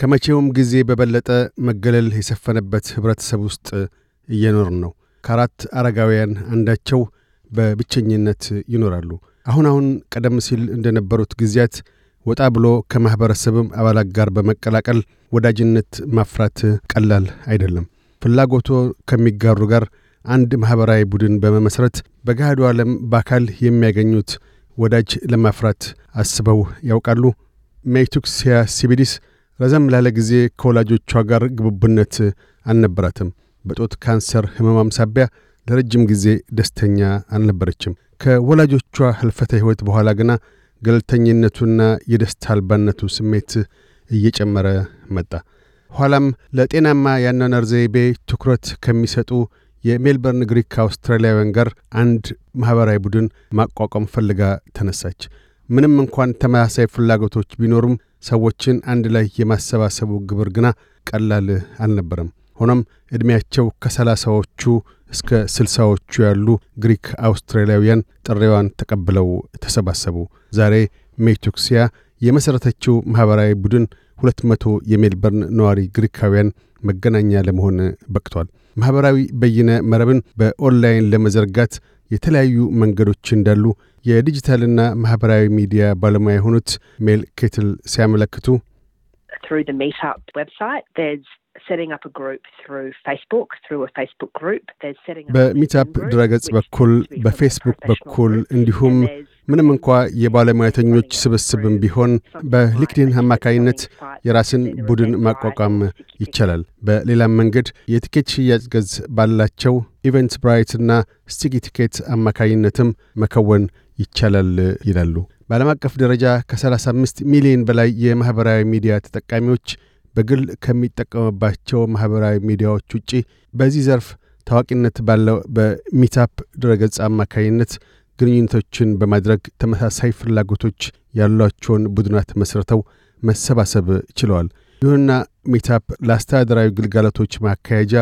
ከመቼውም ጊዜ በበለጠ መገለል የሰፈነበት ኅብረተሰብ ውስጥ እየኖርን ነው። ከአራት አረጋውያን አንዳቸው በብቸኝነት ይኖራሉ። አሁን አሁን ቀደም ሲል እንደነበሩት ጊዜያት ወጣ ብሎ ከማኅበረሰብም አባላት ጋር በመቀላቀል ወዳጅነት ማፍራት ቀላል አይደለም። ፍላጎቶ ከሚጋሩ ጋር አንድ ማኅበራዊ ቡድን በመመስረት በገሃዱ ዓለም በአካል የሚያገኙት ወዳጅ ለማፍራት አስበው ያውቃሉ? ሜቱክሲያ ሲቢዲስ ረዘም ላለ ጊዜ ከወላጆቿ ጋር ግቡብነት አልነበራትም። በጦት ካንሰር ህመማም ሳቢያ ለረጅም ጊዜ ደስተኛ አልነበረችም። ከወላጆቿ ህልፈተ ሕይወት በኋላ ግና ገለልተኝነቱና የደስታ አልባነቱ ስሜት እየጨመረ መጣ። ኋላም ለጤናማ የአኗኗር ዘይቤ ትኩረት ከሚሰጡ የሜልበርን ግሪክ አውስትራሊያውያን ጋር አንድ ማኅበራዊ ቡድን ማቋቋም ፈልጋ ተነሳች። ምንም እንኳን ተመሳሳይ ፍላጎቶች ቢኖሩም ሰዎችን አንድ ላይ የማሰባሰቡ ግብር ግና ቀላል አልነበረም። ሆኖም ዕድሜያቸው ከሰላሳዎቹ እስከ ስልሳዎቹ ያሉ ግሪክ አውስትራሊያውያን ጥሪዋን ተቀብለው ተሰባሰቡ። ዛሬ ሜቶክሲያ የመሠረተችው ማኅበራዊ ቡድን ሁለት መቶ የሜልበርን ነዋሪ ግሪካውያን መገናኛ ለመሆን በቅቷል። ማኅበራዊ በይነ መረብን በኦንላይን ለመዘርጋት የተለያዩ መንገዶች እንዳሉ የዲጂታልና ማኅበራዊ ሚዲያ ባለሙያ የሆኑት ሜል ኬትል ሲያመለክቱ በሚትፕ ድረገጽ በኩል በፌስቡክ በኩል እንዲሁም ምንም እንኳ የባለሙያተኞች ስብስብም ቢሆን በሊክዲን አማካይነት የራስን ቡድን ማቋቋም ይቻላል። በሌላም መንገድ የቲኬት ሽያጭ ገዝ ባላቸው ኢቨንት ብራይትና ስቲጊ ቲኬት አማካይነትም መከወን ይቻላል ይላሉ። በዓለም አቀፍ ደረጃ ከ35 ሚሊዮን በላይ የማኅበራዊ ሚዲያ ተጠቃሚዎች በግል ከሚጠቀምባቸው ማኅበራዊ ሚዲያዎች ውጪ በዚህ ዘርፍ ታዋቂነት ባለው በሚታፕ ድረገጽ አማካይነት ግንኙነቶችን በማድረግ ተመሳሳይ ፍላጎቶች ያሏቸውን ቡድናት መስርተው መሰባሰብ ችለዋል። ይሁንና ሚታፕ ለአስተዳደራዊ ግልጋሎቶች ማካሄጃ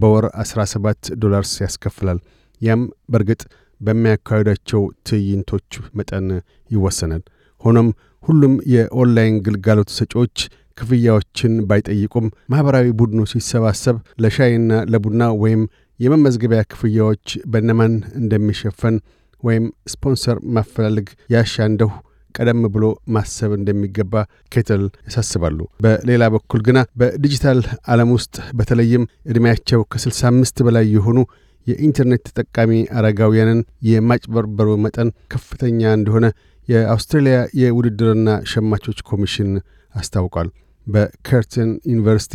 በወር 17 ዶላርስ ያስከፍላል። ያም በእርግጥ በሚያካሂዳቸው ትዕይንቶች መጠን ይወሰናል። ሆኖም ሁሉም የኦንላይን ግልጋሎት ሰጪዎች ክፍያዎችን ባይጠይቁም ማኅበራዊ ቡድኑ ሲሰባሰብ ለሻይና ለቡና ወይም የመመዝገቢያ ክፍያዎች በነማን እንደሚሸፈን ወይም ስፖንሰር ማፈላለግ ያሻ እንደሁ ቀደም ብሎ ማሰብ እንደሚገባ ኬትል ያሳስባሉ። በሌላ በኩል ግና በዲጂታል ዓለም ውስጥ በተለይም ዕድሜያቸው ከ65 በላይ የሆኑ የኢንተርኔት ተጠቃሚ አረጋውያንን የማጭበርበሩ መጠን ከፍተኛ እንደሆነ የአውስትሬልያ የውድድርና ሸማቾች ኮሚሽን አስታውቋል። በከርተን ዩኒቨርሲቲ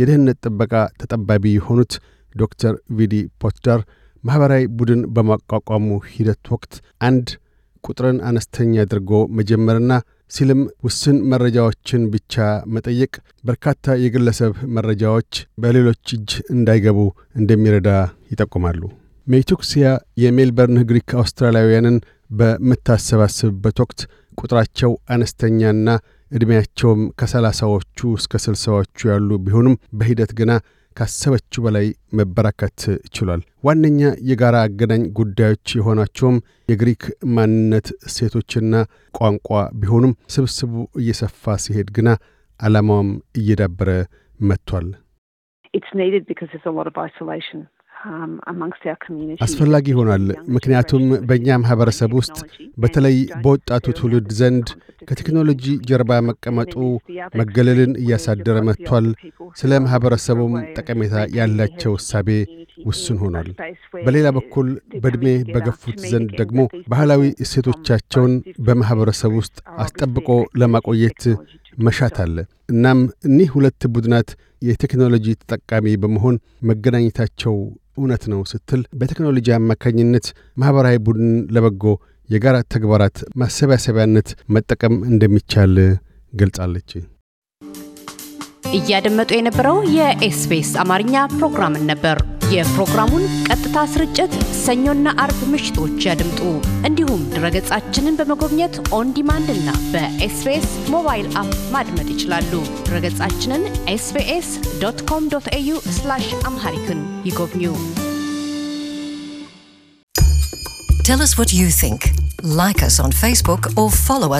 የደህንነት ጥበቃ ተጠባቢ የሆኑት ዶክተር ቪዲ ፖትዳር ማኅበራዊ ቡድን በማቋቋሙ ሂደት ወቅት አንድ ቁጥርን አነስተኛ አድርጎ መጀመርና ሲልም ውስን መረጃዎችን ብቻ መጠየቅ በርካታ የግለሰብ መረጃዎች በሌሎች እጅ እንዳይገቡ እንደሚረዳ ይጠቁማሉ። ሜቱክሲያ የሜልበርን ግሪክ አውስትራሊያውያንን በምታሰባስብበት ወቅት ቁጥራቸው አነስተኛና ዕድሜያቸውም ከሰላሳዎቹ እስከ ስልሳዎቹ ያሉ ቢሆኑም በሂደት ግና ካሰበችው በላይ መበራከት ችሏል። ዋነኛ የጋራ አገናኝ ጉዳዮች የሆናቸውም የግሪክ ማንነት፣ እሴቶችና ቋንቋ ቢሆኑም ስብስቡ እየሰፋ ሲሄድ ግና ዓላማውም እየዳበረ መጥቷል። Um, አስፈላጊ ይሆናል። ምክንያቱም በእኛ ማህበረሰብ ውስጥ በተለይ በወጣቱ ትውልድ ዘንድ ከቴክኖሎጂ ጀርባ መቀመጡ መገለልን እያሳደረ መጥቷል። ስለ ማህበረሰቡም ጠቀሜታ ያላቸው እሳቤ ውስን ሆኗል። በሌላ በኩል በዕድሜ በገፉት ዘንድ ደግሞ ባህላዊ እሴቶቻቸውን በማህበረሰብ ውስጥ አስጠብቆ ለማቆየት መሻት አለ። እናም እኒህ ሁለት ቡድናት የቴክኖሎጂ ተጠቃሚ በመሆን መገናኘታቸው እውነት ነው ስትል በቴክኖሎጂ አማካኝነት ማኅበራዊ ቡድን ለበጎ የጋራ ተግባራት ማሰባሰቢያነት መጠቀም እንደሚቻል ገልጻለች። እያደመጡ የነበረው የኤስፔስ አማርኛ ፕሮግራምን ነበር። የፕሮግራሙን ቀጥታ ስርጭት ሰኞና አርብ ምሽቶች ያድምጡ። እንዲሁም ድረገጻችንን በመጎብኘት ኦን ዲማንድ እና በኤስቤስ ሞባይል አፕ ማድመጥ ይችላሉ። ድረገጻችንን ኤስቤስ ዶት ኮም ዶት ኤዩ አምሃሪክን ይጎብኙ። Tell us what you think. Like us on ስ or follow